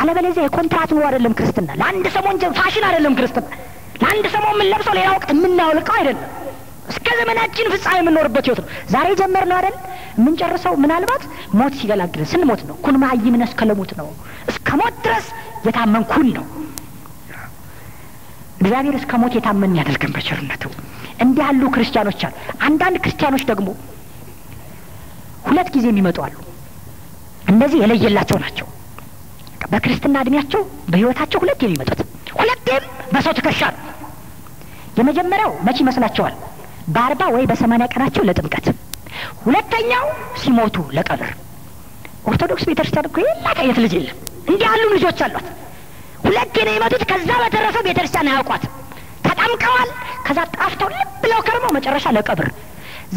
አለበለዚያ የኮንትራት ኑሮ አይደለም ክርስትና። ለአንድ ሰሞን ፋሽን አይደለም ክርስትና። ለአንድ ሰሞን የምንለብሰው ሌላ ወቅት የምናውልቀው አይደለም። እስከ ዘመናችን ፍጻሜ የምንኖርበት ህይወት ነው። ዛሬ ጀመር ነው አይደል? የምንጨርሰው ምናልባት ሞት ሲገላግል ስንሞት ነው። ኩን ማይምነ እስከ ለሞት ነው። እስከ ሞት ድረስ የታመንኩን ነው። እግዚአብሔር እስከ ሞት የታመን ያደርገን በቸርነቱ። እንዲህ ያሉ ክርስቲያኖች አሉ። አንዳንድ ክርስቲያኖች ደግሞ ሁለት ጊዜ የሚመጡ አሉ። እነዚህ የለየላቸው ናቸው። በክርስትና እድሜያቸው በህይወታቸው ሁለት የሚመጡት። ሁለቴም በሰው ትከሻ ነው። የመጀመሪያው መቼ ይመስላቸዋል? በአርባ ወይ በሰማኒያ ቀናቸው ለጥምቀት፣ ሁለተኛው ሲሞቱ ለቀብር። ኦርቶዶክስ ቤተክርስቲያን እኮ የላት አይነት ልጅ የለም። እንዲህ ያሉም ልጆች አሏት። ሁለቴ ነው የመጡት። ከዛ በተረፈ ቤተክርስቲያን አያውቋት። ተጠምቀዋል። ከዛ ጣፍተው ልብ ብለው ከርመው መጨረሻ ለቀብር።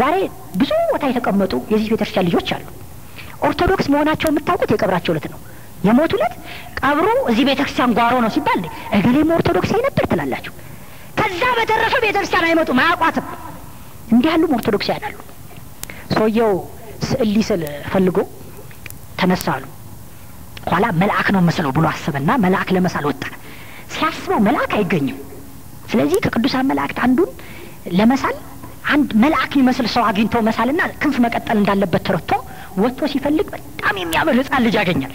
ዛሬ ብዙ ቦታ የተቀመጡ የዚህ ቤተክርስቲያን ልጆች አሉ። ኦርቶዶክስ መሆናቸው የምታውቁት የቀብራቸው ዕለት ነው። የሞቱለት ቀብሩ እዚህ ቤተክርስቲያን ጓሮ ነው ሲባል እገሌም ኦርቶዶክሳዊ ነበር ትላላችሁ። ከዛ በተረፈ ቤተክርስቲያን አይመጡም፣ አያውቋትም። እንዲህ ያሉም ኦርቶዶክሳውያን አሉ። ሰውየው ስዕል ሊስል ፈልጎ ተነሳ አሉ። ኋላ መልአክ ነው መስለው ብሎ አሰበና መልአክ ለመሳል ወጣ። ሲያስበው መልአክ አይገኝም። ስለዚህ ከቅዱሳን መላእክት አንዱን ለመሳል አንድ መልአክ የሚመስል ሰው አግኝቶ መሳልና ክንፍ መቀጠል እንዳለበት ተረድቶ ወጥቶ ሲፈልግ በጣም የሚያምር ህፃን ልጅ ያገኛል።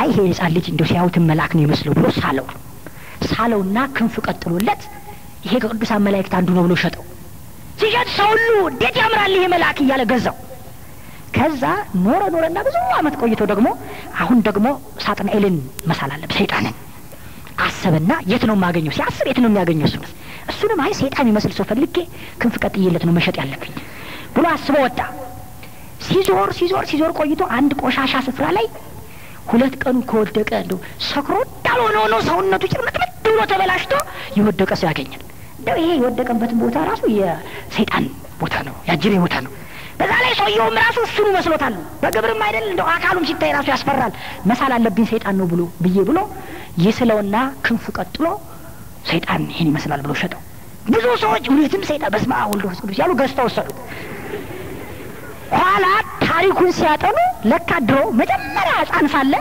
አይ ይሄ የህፃን ልጅ እንደ ሲያዩትን መልአክ ነው ይመስለው ብሎ ሳለው ሳለውና ክንፍ ቀጥሎለት ይሄ ከቅዱሳን መላእክት አንዱ ነው ብሎ ሸጠው። ሲሸጥ ሰው ሁሉ እንዴት ያምራል ይሄ መልአክ እያለ ገዛው። ከዛ ኖረ ኖረና ብዙ አመት ቆይቶ ደግሞ አሁን ደግሞ ሳጥናኤልን መሳል አለብ ሰይጣንን አሰበና የት ነው የማገኘው? ሲያስብ የት ነው የሚያገኘው? እሱ እሱንም አይ ሰይጣን ይመስል ሰው ፈልጌ ክንፍ ቀጥዬለት ነው መሸጥ ያለብኝ ብሎ አስበ ወጣ። ሲዞር ሲዞር ሲዞር ቆይቶ አንድ ቆሻሻ ስፍራ ላይ ሁለት ቀኑ ከወደቀ እንደው ሰክሮ እንዳልሆነ ሆኖ ሰውነቱ ጭርምጥምጥ ብሎ ተበላሽቶ የወደቀ ሰው ያገኛል። እንደው ይሄ የወደቀበትን ቦታ ራሱ የሰይጣን ቦታ ነው፣ የአጅሬ ቦታ ነው። በዛ ላይ ሰውየውም ራሱ እሱኑ መስሎታል። በግብርም አይደል እንደ አካሉም ሲታይ ራሱ ያስፈራል። መሳል አለብኝ ሰይጣን ነው ብሎ ብዬ ብሎ ይስለውና ክንፉ ቀጥሎ ሰይጣን ይህን ይመስላል ብሎ ሸጠው። ብዙ ሰዎች እውነትም ሰይጣን በስመ አብ ወልድ ወመንፈስ ቅዱስ ያሉ ገዝተው ወሰዱት። ኋላ ታሪኩን ሲያጠኑ ለካ ድሮ መጀመሪያ ህፃን ሳለ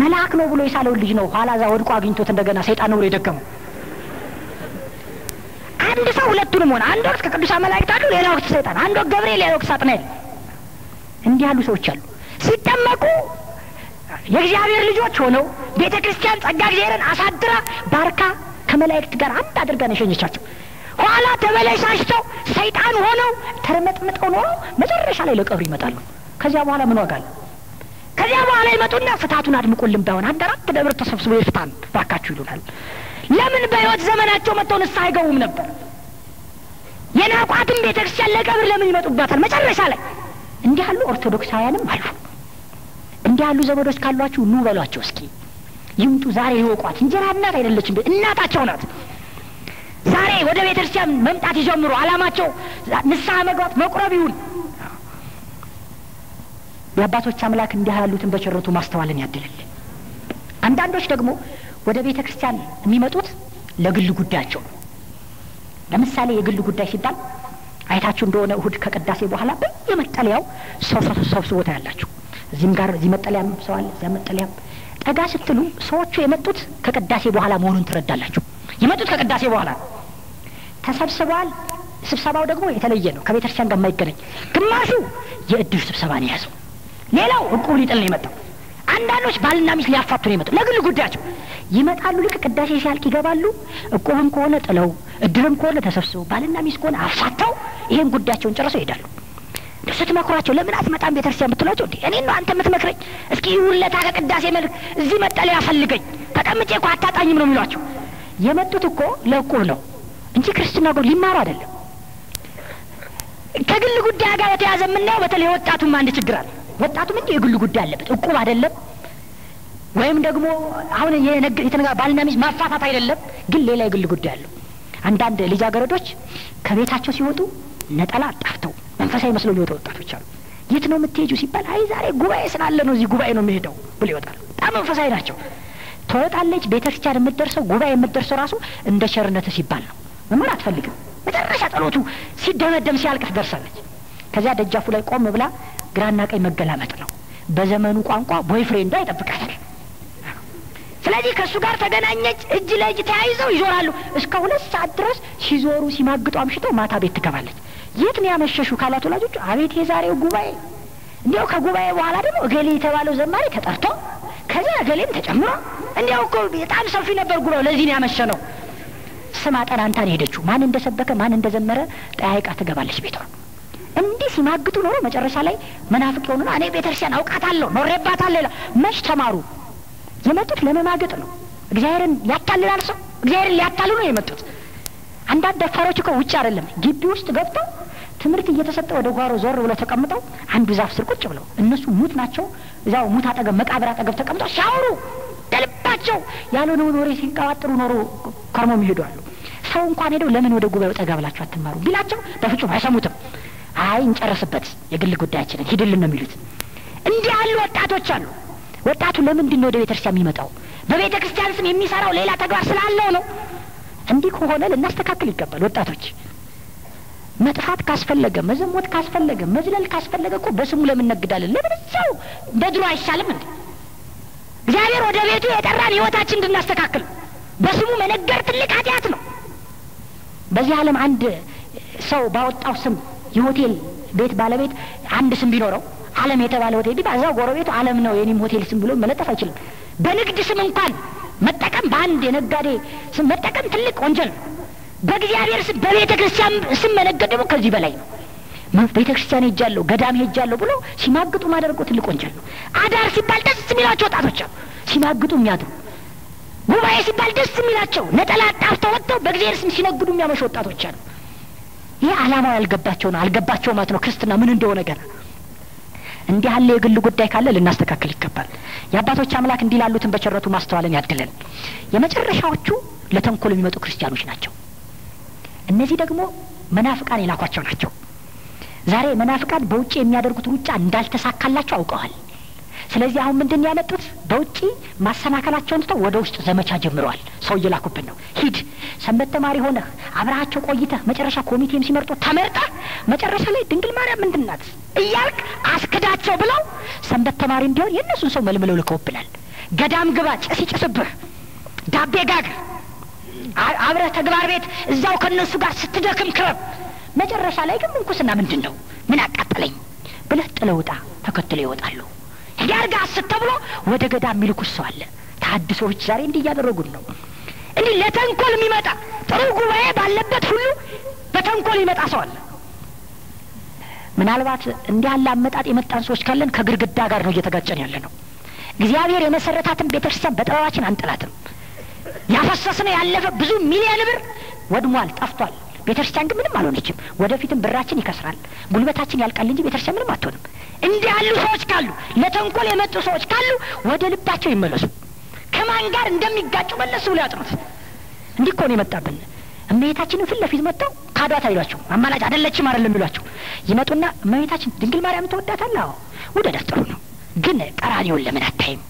መልአክ ነው ብሎ የሳለውን ልጅ ነው ኋላ ዛ ወድቆ አግኝቶት እንደገና ሰይጣን ነው ብሎ የደገመው። አንድ ሰው ሁለቱንም ሆነ። አንድ ወቅት ከቅዱሳን መላእክት አሉ፣ ሌላ ወቅት ሰይጣን፣ አንድ ወቅት ገብርኤል፣ ሌላ ወቅት ሳጥናኤል። እንዲህ ያሉ ሰዎች አሉ። ሲጠመቁ የእግዚአብሔር ልጆች ሆነው ቤተ ክርስቲያን ጸጋ እግዚአብሔርን አሳድራ ባርካ ከመላእክት ጋር አንድ አድርጋ ነው የሸኘቻቸው። ኋላ ተበለሻሽተው ሰይጣን ሆነው ተርመጥምጠው ኖረው መጨረሻ ላይ ለቀብር ይመጣሉ። ከዚያ በኋላ ምን ዋጋ አለ? ከዚያ በኋላ ይመጡና ፍታቱን አድምቁልን ባይሆን አንድ አራት ደብር ተሰብስቦ የፍታን ባካችሁ ይሉናል። ለምን በህይወት ዘመናቸው መጥተው ንስሐ አይገቡም ነበር? የናቋትን ቤተ ክርስቲያን ለቀብር ለምን ይመጡባታል? መጨረሻ ላይ እንዲህ ያሉ ኦርቶዶክሳውያንም አሉ። እንዲህ ያሉ ዘመዶች ካሏችሁ ኑ በሏቸው እስኪ ይምጡ፣ ዛሬ ይወቋት። እንጀራ እናት አይደለችም፣ እናታቸው ናት። ዛሬ ወደ ቤተ ክርስቲያን መምጣት ይጀምሩ። አላማቸው ንስሐ መግባት መቁረብ ይሁን። የአባቶች አምላክ እንዲህ ያሉትን በቸረቱ ማስተዋልን ያድልል። አንዳንዶች ደግሞ ወደ ቤተ ክርስቲያን የሚመጡት ለግል ጉዳያቸው ነው። ለምሳሌ የግል ጉዳይ ሲባል አይታችሁ እንደሆነ እሁድ ከቅዳሴ በኋላ በየመጠለያው ሰው ሰብስቦ ታያላችሁ። እዚህም ጋር እዚህ መጠለያም ሰው አለ፣ እዚያ መጠለያም። ጠጋ ስትሉ ሰዎቹ የመጡት ከቅዳሴ በኋላ መሆኑን ትረዳላችሁ። የመጡት ከቅዳሴ በኋላ ተሰብስበዋል። ስብሰባው ደግሞ የተለየ ነው፣ ከቤተክርስቲያን ጋር የማይገናኝ ግማሹ የእድር ስብሰባ ነው የያዘው፣ ሌላው እቁብ ሊጥል ነው የመጣው። አንዳንዶች ባልና ሚስት ሊያፋቱ ነው የመጡ ለግል ጉዳያቸው ይመጣሉ። ልክ ቅዳሴ ሲያልቅ ይገባሉ። እቁብም ከሆነ ጥለው፣ እድርም ከሆነ ተሰብስበው፣ ባልና ሚስት ከሆነ አፋተው ይህን ጉዳያቸውን ጨርሰው ይሄዳሉ። ስትመክሯቸው ለምን አትመጣም ቤተክርስቲያን ብትሏቸው፣ እንዴ እኔ ነው አንተ የምትመክረኝ? እስኪ ውለታ ከቅዳሴ መልክ እዚህ መጠለያ ፈልገኝ፣ ተቀምጬ እኳ አታጣኝም ነው የሚሏቸው። የመጡት እኮ ለቁብ ነው እንጂ ክርስትና ጎ ሊማር አይደለም። ከግል ጉዳይ ጋር በተያያዘ የምናየው በተለይ ወጣቱም አንድ ችግር አለ። ወጣቱም እንዲህ የግል ጉዳይ አለበት። እቁብ አይደለም ወይም ደግሞ አሁን የተነጋ ባልና ሚስት ማፋታት አይደለም፣ ግን ሌላ የግል ጉዳይ አለው። አንዳንድ ልጃገረዶች ከቤታቸው ሲወጡ ነጠላ ጣፍተው መንፈሳዊ መስለው የሚወጡ ወጣቶች አሉ። የት ነው የምትሄጁ ሲባል አይ ዛሬ ጉባኤ ስላለ ነው እዚህ ጉባኤ ነው የሚሄደው ብሎ ይወጣል። በጣም መንፈሳዊ ናቸው። ትወጣለች። ቤተክርስቲያን የምትደርሰው ጉባኤ የምትደርሰው ራሱ እንደ ቸርነት ሲባል ነው። መማር አትፈልግም። መጨረሻ ጸሎቱ ሲደመደም ሲያልቅ ትደርሳለች። ከዚያ ደጃፉ ላይ ቆም ብላ ግራና ቀኝ መገላመጥ ነው። በዘመኑ ቋንቋ ቦይፍሬንዷ ይጠብቃታል። ስለዚህ ከእሱ ጋር ተገናኘች። እጅ ለእጅ ተያይዘው ይዞራሉ እስከ ሁለት ሰዓት ድረስ ሲዞሩ ሲማግጡ አምሽተው ማታ ቤት ትገባለች። የት ነው ያመሸሹ ካላት ወላጆቹ አቤት የዛሬው ጉባኤ እንዲያው ከጉባኤ በኋላ ደግሞ እገሌ የተባለው ዘማሪ ተጠርቶ ከዚያ እገሌም ተጨምሮ እንዲያው እኮ በጣም ሰፊ ነበር ጉባኤው። ለዚህ ነው ያመሸ ነው። ስማ ጠናንታ ነው ሄደችው። ማን እንደሰበከ ማን እንደዘመረ ጠያይቃ ትገባለች ቤቷ። እንዲህ ሲማግጡ ኖሮ መጨረሻ ላይ መናፍቅ የሆኑና እኔ ቤተክርስቲያን አውቃታለሁ ኖሬባታለሁ። መች ተማሩ? የመጡት ለመማገጥ ነው። እግዚአብሔርን ያታልላል ሰው። እግዚአብሔርን ሊያታሉ ነው የመጡት። አንዳንድ ደፋሮች እኮ ውጭ አይደለም ግቢ ውስጥ ገብተው ትምህርት እየተሰጠ ወደ ጓሮ ዞር ብለው ተቀምጠው አንዱ ዛፍ ስር ቁጭ ብለው እነሱ ሙት ናቸው። እዛው ሙት አጠገብ መቃብር አጠገብ ተቀምጠው ሲያወሩ ናቸው ያልሆነውን ወሬ ሲንቀባጥሩ ኖሮ ከርሞ የሚሄዱ አሉ። ሰው እንኳን ሄደው ለምን ወደ ጉባኤው ጠጋ ብላችሁ አትማሩ ቢላቸው በፍጹም አይሰሙትም። አይ እንጨርስበት፣ የግል ጉዳያችንን ሂድልን ነው የሚሉት። እንዲህ ያሉ ወጣቶች አሉ። ወጣቱ ለምንድን ነው ወደ ክርስቲያን የሚመጣው? በቤተ ክርስቲያን ስም የሚሰራው ሌላ ተግባር ስላለው ነው። እንዲህ ከሆነ ልናስተካክል ይገባል። ወጣቶች መጥፋት ካስፈለገ፣ መዘሞት ካስፈለገ፣ መዝለል ካስፈለገ እኮ በስሙ ለምን ነግዳለን? ለምን እዛው እንደ ድሮ አይሻልም እንዴ? ወደ ቤቱ የጠራን ህይወታችን እንድናስተካክል በስሙ መነገር ትልቅ ኃጢአት ነው በዚህ ዓለም አንድ ሰው ባወጣው ስም የሆቴል ቤት ባለቤት አንድ ስም ቢኖረው አለም የተባለ ሆቴል ቢባ እዛው ጎረቤቱ አለም ነው የኔም ሆቴል ስም ብሎ መለጠፍ አይችልም በንግድ ስም እንኳን መጠቀም በአንድ የነጋዴ ስም መጠቀም ትልቅ ወንጀል ነው በእግዚአብሔር ስም በቤተ ክርስቲያን ስም መነገድ ደግሞ ከዚህ በላይ ነው ቤተ ክርስቲያን ሄጃለሁ ገዳም ሄጃለሁ ብሎ ሲማግጡ ማደርጎ ትልቅ ወንጀል ነው አዳር ሲባል ደስ የሚላቸው ወጣቶች አሉ ሲማግጡ የሚያድሩ ጉባኤ ሲባል ደስ የሚላቸው ነጠላ ጣፍተው ወጥተው በእግዚአብሔር ስም ሲነግዱ የሚያመሹ ወጣቶች አሉ። ይህ አላማው ያልገባቸው ነው አልገባቸው ማለት ነው ክርስትና ምን እንደሆነ ገና። እንዲህ ያለ የግል ጉዳይ ካለ ልናስተካከል ይገባል። የአባቶች አምላክ እንዲህ ላሉትን በቸረቱ ማስተዋልን ያድለን። የመጨረሻዎቹ ለተንኮል የሚመጡ ክርስቲያኖች ናቸው። እነዚህ ደግሞ መናፍቃን የላኳቸው ናቸው። ዛሬ መናፍቃን በውጭ የሚያደርጉት ሩጫ እንዳልተሳካላቸው አውቀዋል። ስለዚህ አሁን ምንድን ያመጡት በውጪ ማሰናከላቸውን ትተው ወደ ውስጥ ዘመቻ ጀምረዋል። ሰው እየላኩብን ነው። ሂድ ሰንበት ተማሪ ሆነህ አብረሃቸው ቆይተህ መጨረሻ ኮሚቴም ሲመርጡ ተመርጠህ መጨረሻ ላይ ድንግል ማርያም ምንድን ናት እያልክ አስክዳቸው ብለው ሰንበት ተማሪ እንዲሆን የእነሱን ሰው መልምለው ልከውብናል። ገዳም ግባ፣ ጭስ ይጭስብህ፣ ዳቤ ጋግር፣ አብረህ ተግባር ቤት እዛው ከእነሱ ጋር ስትደክም ክረብ። መጨረሻ ላይ ግን ምንኩስና ምንድን ነው ምን አቃጠለኝ ብለህ ጥለውጣ ውጣ። ተከትለው ይወጣሉ። ያርጋ ተብሎ ወደ ገዳ የሚልኩት ሰው አለ። ተሐድሶዎች ዛሬ እንዲህ እያደረጉን ነው። እንዲህ ለተንኮል የሚመጣ ጥሩ ጉባኤ ባለበት ሁሉ በተንኮል ይመጣ ሰው አለ። ምናልባት እንዲህ ያለ አመጣጥ የመጣን ሰዎች ካለን ከግድግዳ ጋር ነው እየተጋጨን ያለ ነው። እግዚአብሔር የመሰረታትን ቤተክርስቲያን በጥበባችን አንጥላትም። ያፈሰስነው ያለፈ ብዙ ሚሊየን ብር ወድሟል፣ ጠፍቷል። ቤተክርስቲያን ግን ምንም አልሆነችም። ወደፊትም ብራችን ይከስራል፣ ጉልበታችን ያልቃል እንጂ ቤተክርስቲያን ምንም አትሆንም። እንዲህ ያሉ ሰዎች ካሉ፣ ለተንኮል የመጡ ሰዎች ካሉ ወደ ልባቸው ይመለሱ። ከማን ጋር እንደሚጋጩ መለስ ብሎ ያጥኑት። እንዲህ እኮ ነው የመጣብን። እመቤታችንን ፊት ለፊት መጥተው ካዷት አይሏቸው። አማላጅ አደለችም አይደለም ይሏቸው። ይመጡና እመቤታችን ድንግል ማርያም ተወዳታለህ? አዎ ውደዳት፣ ጥሩ ነው። ግን ቀራኒውን ለምን አታይም?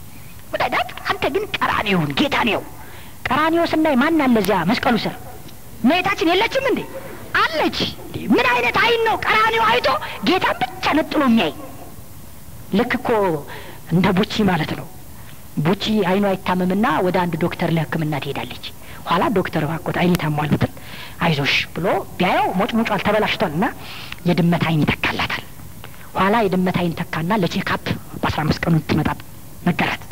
ውደዳት። አንተ ግን ቀራኒውን ጌታ ነው። ቀራኒዎስ ስናይ ማን አለ እዚያ መስቀሉ ስር እመቤታችን የለችም እንዴ? አለች። ምን አይነት አይን ነው ቀራኔው አይቶ ጌታን ብቻ ነጥሎ የሚያይ? ልክ እኮ እንደ ቡቺ ማለት ነው። ቡቺ አይኗ አይታመምና ወደ አንድ ዶክተር ለሕክምና ትሄዳለች። ኋላ ዶክተር ባኮት አይን ታሟል ብትል አይዞሽ ብሎ ቢያየው ሞጭ ሞጯል አልተበላሽቷል እና የድመት አይን ይተካላታል። ኋላ የድመት አይን ተካና ለቼካፕ በአስራ አምስት ቀኑ ትመጣ ነገራት።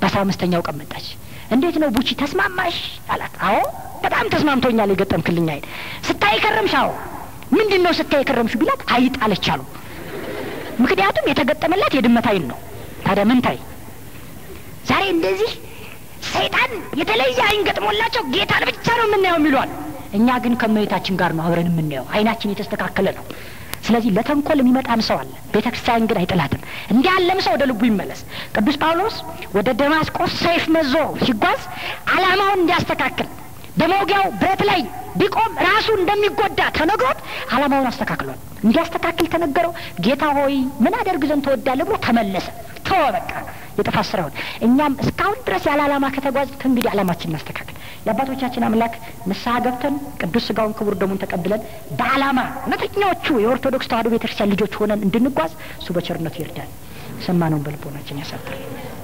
በአስራ አምስተኛው ቀን መጣች። እንዴት ነው ቡቺ ተስማማሽ አላት። አዎ በጣም ተስማምቶኛል የገጠምክልኝ አይል ስታይ ከረምሻው ምንድን ነው ስታይ የከረምሽ ቢላት አይጥ አለች አሉ ምክንያቱም የተገጠመላት የድመት አይን ነው ታዲያ ምን ታይ ዛሬ እንደዚህ ሰይጣን የተለየ አይን ገጥሞላቸው ጌታን ብቻ ነው የምናየው የሚሏል እኛ ግን ከመሬታችን ጋር ነው አብረን የምናየው አይናችን የተስተካከለ ነው ስለዚህ ለተንኮል የሚመጣም ሰው አለ ቤተ ክርስቲያን ግን አይጥላትም እንዲ ያለም ሰው ወደ ልቡ ይመለስ ቅዱስ ጳውሎስ ወደ ደማስቆስ ሰይፍ መዞ ሲጓዝ አላማውን እንዲያስተካክል በመውጊያው ብረት ላይ ቢቆም ራሱ እንደሚጎዳ ተነግሮት አላማውን አስተካክሏል። እንዲያስተካክል ተነገረው። ጌታ ሆይ ምን አደርግ ዘንድ ትወዳለህ ብሎ ተመለሰ። ተወ በቃ የጥፋት ስራውን። እኛም እስካሁን ድረስ ያለ አላማ ከተጓዝ ከእንግዲህ አላማችን እናስተካክል። የአባቶቻችን አምላክ ንስሐ ገብተን ቅዱስ ስጋውን ክቡር ደሙን ተቀብለን በአላማ እውነተኛዎቹ የኦርቶዶክስ ተዋሕዶ ቤተክርስቲያን ልጆች ሆነን እንድንጓዝ እሱ በቸርነቱ ይርዳል። ሰማነውን በልቦናችን ያሳድራል።